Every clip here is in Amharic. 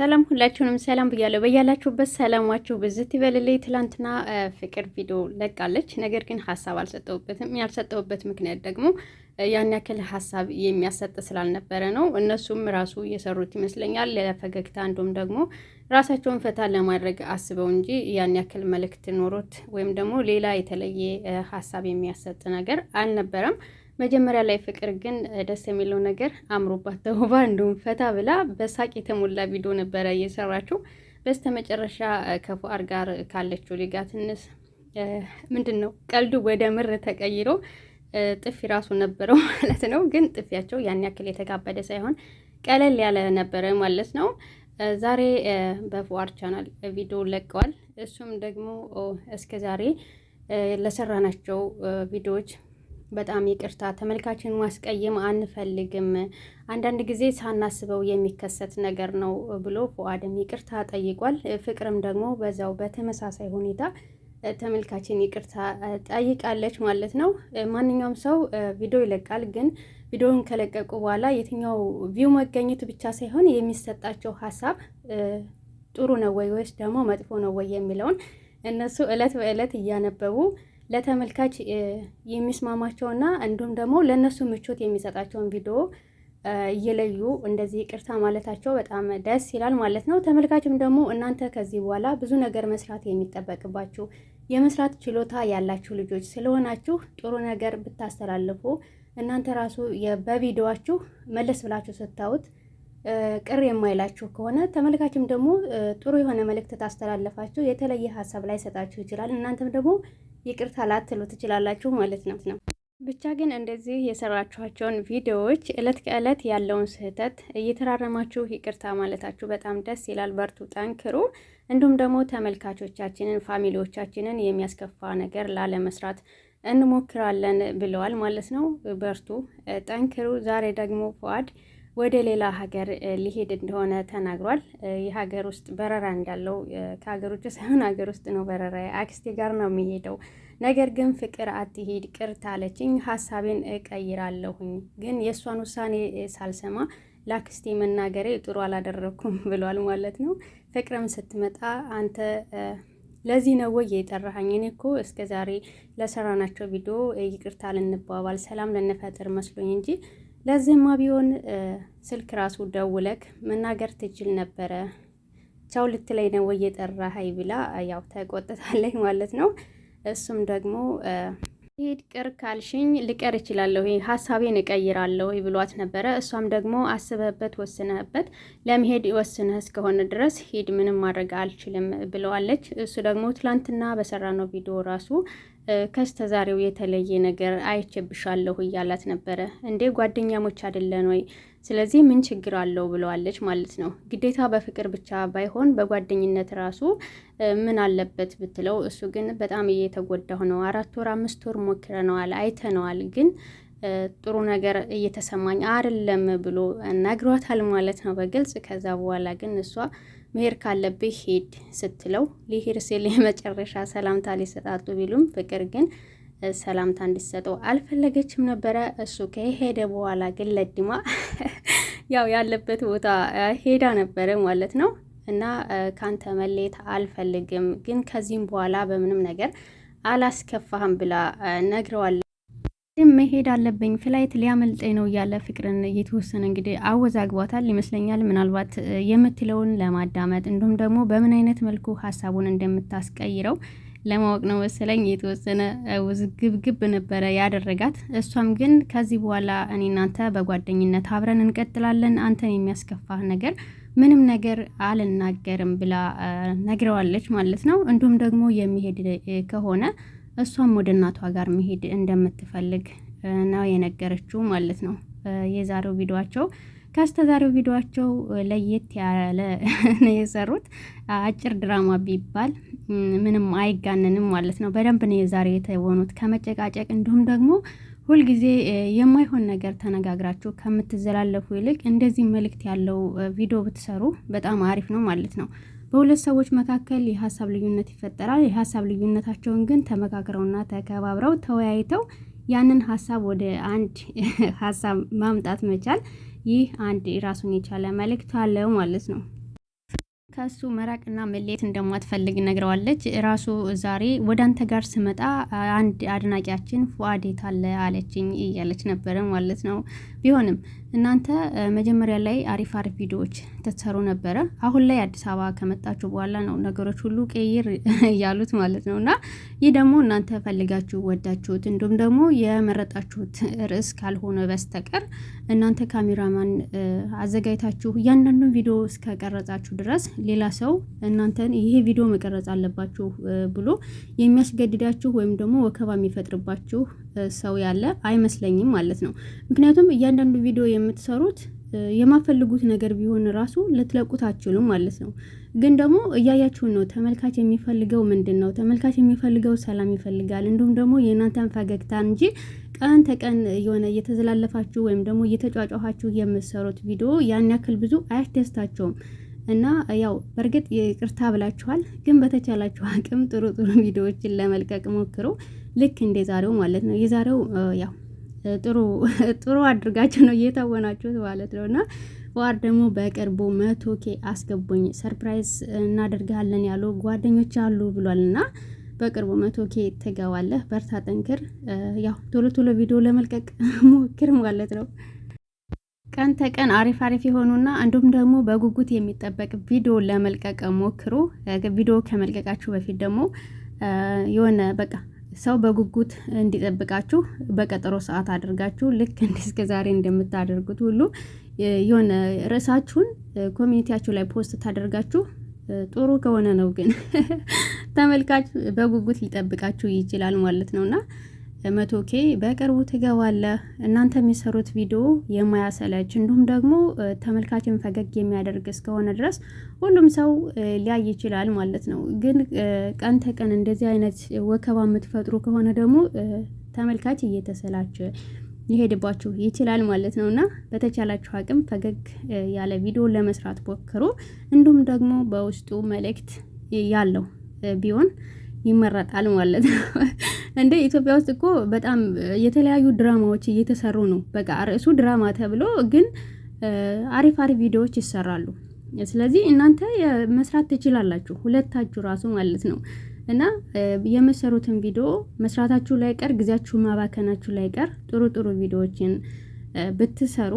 ሰላም ሁላችሁንም ሰላም ብያለሁ። በያላችሁበት ሰላማችሁ ብዝት ይበልልኝ። ትላንትና ፍቅር ቪዲዮ ለቃለች፣ ነገር ግን ሀሳብ አልሰጠሁበትም። ያልሰጠሁበት ምክንያት ደግሞ ያን ያክል ሀሳብ የሚያሰጥ ስላልነበረ ነው። እነሱም ራሱ እየሰሩት ይመስለኛል ለፈገግታ እንዲሁም ደግሞ ራሳቸውን ፈታ ለማድረግ አስበው እንጂ ያን ያክል መልእክት ኖሮት ወይም ደግሞ ሌላ የተለየ ሀሳብ የሚያሰጥ ነገር አልነበረም። መጀመሪያ ላይ ፍቅር ግን ደስ የሚለው ነገር አምሮባት ተውባ እንዲሁም ፈታ ብላ በሳቅ የተሞላ ቪዲዮ ነበረ እየሰራችው። በስተ መጨረሻ ከፉአድ ጋር ካለችው ሊጋ ምንድን ነው ቀልዱ ወደ ምር ተቀይሮ ጥፊ ራሱ ነበረው ማለት ነው። ግን ጥፊያቸው ያን ያክል የተጋበደ ሳይሆን ቀለል ያለ ነበረ ማለት ነው። ዛሬ በፉአድ ቻናል ቪዲዮ ለቀዋል። እሱም ደግሞ እስከ ዛሬ ለሰራናቸው ቪዲዮዎች በጣም ይቅርታ ተመልካችን ማስቀየም አንፈልግም። አንዳንድ ጊዜ ሳናስበው የሚከሰት ነገር ነው ብሎ ፉአድም ይቅርታ ጠይቋል። ፍቅርም ደግሞ በዛው በተመሳሳይ ሁኔታ ተመልካችን ይቅርታ ጠይቃለች ማለት ነው። ማንኛውም ሰው ቪዲዮ ይለቃል፣ ግን ቪዲዮን ከለቀቁ በኋላ የትኛው ቪው መገኘቱ ብቻ ሳይሆን የሚሰጣቸው ሀሳብ ጥሩ ነው ወይ ወይስ ደግሞ መጥፎ ነው ወይ የሚለውን እነሱ እለት በእለት እያነበቡ ለተመልካች የሚስማማቸውና እንዲሁም ደግሞ ለእነሱ ምቾት የሚሰጣቸውን ቪዲዮ እየለዩ እንደዚህ ይቅርታ ማለታቸው በጣም ደስ ይላል ማለት ነው። ተመልካችም ደግሞ እናንተ ከዚህ በኋላ ብዙ ነገር መስራት የሚጠበቅባችሁ የመስራት ችሎታ ያላችሁ ልጆች ስለሆናችሁ ጥሩ ነገር ብታስተላልፉ እናንተ ራሱ በቪዲዮችሁ መለስ ብላችሁ ስታዩት ቅር የማይላችሁ ከሆነ ተመልካችም ደግሞ ጥሩ የሆነ መልእክት ታስተላለፋችሁ የተለየ ሀሳብ ላይ ሰጣችሁ ይችላል እናንተም ደግሞ ይቅርታ ላትሉ ትችላላችሁ ማለት ነው ነው ብቻ ግን እንደዚህ የሰራችኋቸውን ቪዲዮዎች እለት ከእለት ያለውን ስህተት እየተራረማችሁ ይቅርታ ማለታችሁ በጣም ደስ ይላል። በርቱ፣ ጠንክሩ። እንዲሁም ደግሞ ተመልካቾቻችንን ፋሚሊዎቻችንን የሚያስከፋ ነገር ላለመስራት እንሞክራለን ብለዋል ማለት ነው። በርቱ፣ ጠንክሩ። ዛሬ ደግሞ ፏድ ወደ ሌላ ሀገር ሊሄድ እንደሆነ ተናግሯል። የሀገር ውስጥ በረራ እንዳለው ከሀገር ውጭ ሳይሆን ሀገር ውስጥ ነው በረራ፣ አክስቴ ጋር ነው የሚሄደው። ነገር ግን ፍቅር አትሄድ ቅርት አለችኝ፣ ሀሳቤን እቀይራለሁኝ፣ ግን የእሷን ውሳኔ ሳልሰማ ለአክስቴ መናገሬ ጥሩ አላደረግኩም ብሏል ማለት ነው። ፍቅርም ስትመጣ አንተ ለዚህ ነው ወይ የጠራኸኝ? እኔ እኮ እስከ ዛሬ ለሰራናቸው ቪዲዮ ይቅርታ ልንባባል ሰላም ልንፈጥር መስሎኝ እንጂ ለዚህማ ቢሆን ስልክ ራሱ ደውለክ መናገር ትችል ነበረ። ቻው ልትለይ ነው ወይ የጠራ ሀይ ብላ ያው ተቆጥታለች ማለት ነው። እሱም ደግሞ ሄድ ቅር ካልሽኝ ልቀር እችላለሁ፣ ሀሳቤን እቀይራለሁ ብሏት ነበረ። እሷም ደግሞ አስበህበት ወስነህበት ለመሄድ ወስነህ እስከሆነ ድረስ ሂድ፣ ምንም ማድረግ አልችልም ብለዋለች። እሱ ደግሞ ትላንትና በሰራ ነው ቪዲዮ ራሱ ከስተዛሬው የተለየ ነገር አይቸብሻለሁ እያላት ነበረ። እንዴ ጓደኛሞች አይደለን ወይ? ስለዚህ ምን ችግር አለው ብለዋለች ማለት ነው። ግዴታ በፍቅር ብቻ ባይሆን በጓደኝነት ራሱ ምን አለበት ብትለው፣ እሱ ግን በጣም እየተጎዳሁ ነው። አራት ወር አምስት ወር ሞክረነዋል፣ አይተነዋል ግን ጥሩ ነገር እየተሰማኝ አይደለም ብሎ ነግሯታል ማለት ነው በግልጽ። ከዛ በኋላ ግን እሷ መሄድ ካለብህ ሄድ ስትለው ሊሄድ ሲል የመጨረሻ ሰላምታ ሊሰጣጡ ቢሉም ፍቅር ግን ሰላምታ እንዲሰጠው አልፈለገችም ነበረ። እሱ ከሄደ በኋላ ግን ለድማ ያው ያለበት ቦታ ሄዳ ነበረ ማለት ነው። እና ካንተ መለየት አልፈልግም፣ ግን ከዚህም በኋላ በምንም ነገር አላስከፋህም ብላ ነግረዋለ መሄድ አለብኝ ፍላይት ሊያመልጠኝ ነው እያለ ፍቅርን እየተወሰነ እንግዲህ አወዛግቧታል ይመስለኛል። ምናልባት የምትለውን ለማዳመጥ እንዲሁም ደግሞ በምን አይነት መልኩ ሀሳቡን እንደምታስቀይረው ለማወቅ ነው መሰለኝ የተወሰነ ውዝግብግብ ነበረ ያደረጋት። እሷም ግን ከዚህ በኋላ እኔ እናንተ በጓደኝነት አብረን እንቀጥላለን፣ አንተን የሚያስከፋ ነገር ምንም ነገር አልናገርም ብላ ነግረዋለች ማለት ነው። እንዲሁም ደግሞ የሚሄድ ከሆነ እሷም ወደ እናቷ ጋር መሄድ እንደምትፈልግ ነው የነገረችው ማለት ነው። የዛሬው ቪዲዮቸው ከስተዛሬው ቪዲዮቸው ለየት ያለ ነው የሰሩት። አጭር ድራማ ቢባል ምንም አይጋነንም ማለት ነው። በደንብ ነው የዛሬ የተሆኑት ከመጨቃጨቅ እንዲሁም ደግሞ ሁልጊዜ የማይሆን ነገር ተነጋግራችሁ ከምትዘላለፉ ይልቅ እንደዚህ መልእክት ያለው ቪዲዮ ብትሰሩ በጣም አሪፍ ነው ማለት ነው። በሁለት ሰዎች መካከል የሀሳብ ልዩነት ይፈጠራል። የሀሳብ ልዩነታቸውን ግን ተመካክረውና ተከባብረው ተወያይተው ያንን ሀሳብ ወደ አንድ ሀሳብ ማምጣት መቻል፣ ይህ አንድ ራሱን የቻለ መልእክት አለው ማለት ነው። ከሱ መራቅና መለየት እንደማትፈልግ ነግረዋለች። ራሱ ዛሬ ወደ አንተ ጋር ስመጣ አንድ አድናቂያችን ፉአዴት አለ አለችኝ እያለች ነበረ ማለት ነው። ቢሆንም እናንተ መጀመሪያ ላይ አሪፍ አሪፍ ቪዲዮዎች ተሰሩ ነበረ። አሁን ላይ አዲስ አበባ ከመጣችሁ በኋላ ነው ነገሮች ሁሉ ቀይር እያሉት ማለት ነው። እና ይህ ደግሞ እናንተ ፈልጋችሁ ወዳችሁት እንዲሁም ደግሞ የመረጣችሁት ርዕስ ካልሆነ በስተቀር እናንተ ካሜራማን አዘጋጅታችሁ እያንዳንዱን ቪዲዮ እስከቀረጻችሁ ድረስ ሌላ ሰው እናንተን ይሄ ቪዲዮ መቀረጽ አለባችሁ ብሎ የሚያስገድዳችሁ ወይም ደግሞ ወከባ የሚፈጥርባችሁ ሰው ያለ አይመስለኝም ማለት ነው። ምክንያቱም እያንዳንዱ ቪዲዮ የምትሰሩት የማፈልጉት ነገር ቢሆን ራሱ ልትለቁት አትችሉም ማለት ነው። ግን ደግሞ እያያችሁን ነው። ተመልካች የሚፈልገው ምንድን ነው? ተመልካች የሚፈልገው ሰላም ይፈልጋል። እንዲሁም ደግሞ የእናንተን ፈገግታ እንጂ ቀን ተቀን የሆነ እየተዘላለፋችሁ ወይም ደግሞ እየተጫጫኋችሁ የምትሰሩት ቪዲዮ ያን ያክል ብዙ አያስደስታቸውም። እና ያው በእርግጥ ይቅርታ ብላችኋል፣ ግን በተቻላችሁ አቅም ጥሩ ጥሩ ቪዲዮዎችን ለመልቀቅ ሞክሩ። ልክ እንደ ዛሬው ማለት ነው። የዛሬው ያው ጥሩ ጥሩ አድርጋችሁ ነው እየታወናችሁት ማለት ነው እና ዋር ደግሞ በቅርቡ መቶ ኬ አስገቡኝ ሰርፕራይዝ እናደርግሃለን ያሉ ጓደኞች አሉ ብሏል እና በቅርቡ መቶ ኬ ትገባለህ፣ በርታ፣ ጠንክር። ያው ቶሎ ቶሎ ቪዲዮ ለመልቀቅ ሞክር ማለት ነው። ቀን ተቀን አሪፍ አሪፍ የሆኑና እንዲሁም ደግሞ በጉጉት የሚጠበቅ ቪዲዮ ለመልቀቅ ሞክሩ። ቪዲዮ ከመልቀቃችሁ በፊት ደግሞ የሆነ በቃ ሰው በጉጉት እንዲጠብቃችሁ በቀጠሮ ሰዓት አድርጋችሁ ልክ እስከ ዛሬ እንደምታደርጉት ሁሉ የሆነ ርዕሳችሁን ኮሚኒቲያችሁ ላይ ፖስት ታደርጋችሁ ጥሩ ከሆነ ነው ግን ተመልካች በጉጉት ሊጠብቃችሁ ይችላል ማለት ነውና መቶ ኬ በቅርቡ ትገባለህ። እናንተ የሚሰሩት ቪዲዮ የማያሰለች እንዲሁም ደግሞ ተመልካችን ፈገግ የሚያደርግ እስከሆነ ድረስ ሁሉም ሰው ሊያይ ይችላል ማለት ነው። ግን ቀን ተቀን እንደዚህ አይነት ወከባ የምትፈጥሩ ከሆነ ደግሞ ተመልካች እየተሰላች ሊሄድባችሁ ይችላል ማለት ነው። እና በተቻላችሁ አቅም ፈገግ ያለ ቪዲዮ ለመስራት ሞክሩ። እንዲሁም ደግሞ በውስጡ መልእክት ያለው ቢሆን ይመረጣል ማለት ነው። እንደ ኢትዮጵያ ውስጥ እኮ በጣም የተለያዩ ድራማዎች እየተሰሩ ነው። በቃ ርዕሱ ድራማ ተብሎ ግን አሪፍ አሪፍ ቪዲዮዎች ይሰራሉ። ስለዚህ እናንተ መስራት ትችላላችሁ፣ ሁለታችሁ ራሱ ማለት ነው። እና የመሰሩትን ቪዲዮ መስራታችሁ ላይቀር፣ ጊዜያችሁ ማባከናችሁ ላይቀር ጥሩ ጥሩ ቪዲዮዎችን ብትሰሩ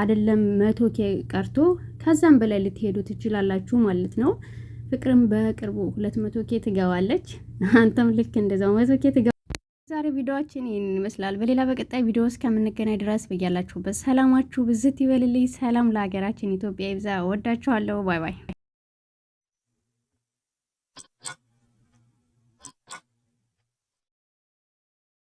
አይደለም መቶ ኬ ቀርቶ ከዛም በላይ ልትሄዱ ትችላላችሁ ማለት ነው። ፍቅርም በቅርቡ ሁለት መቶ ኬ ትገባለች። አንተም ልክ እንደዛው መዝበኬ ትገባ። ዛሬ ቪዲዮችን ይህን ይመስላል። በሌላ በቀጣይ ቪዲዮ እስከምንገናኝ ድረስ በያላችሁበት ሰላማችሁ ብዝት ይበልልኝ። ሰላም ለሀገራችን ኢትዮጵያ ይብዛ። ወዳችኋለሁ። ባይ ባይ።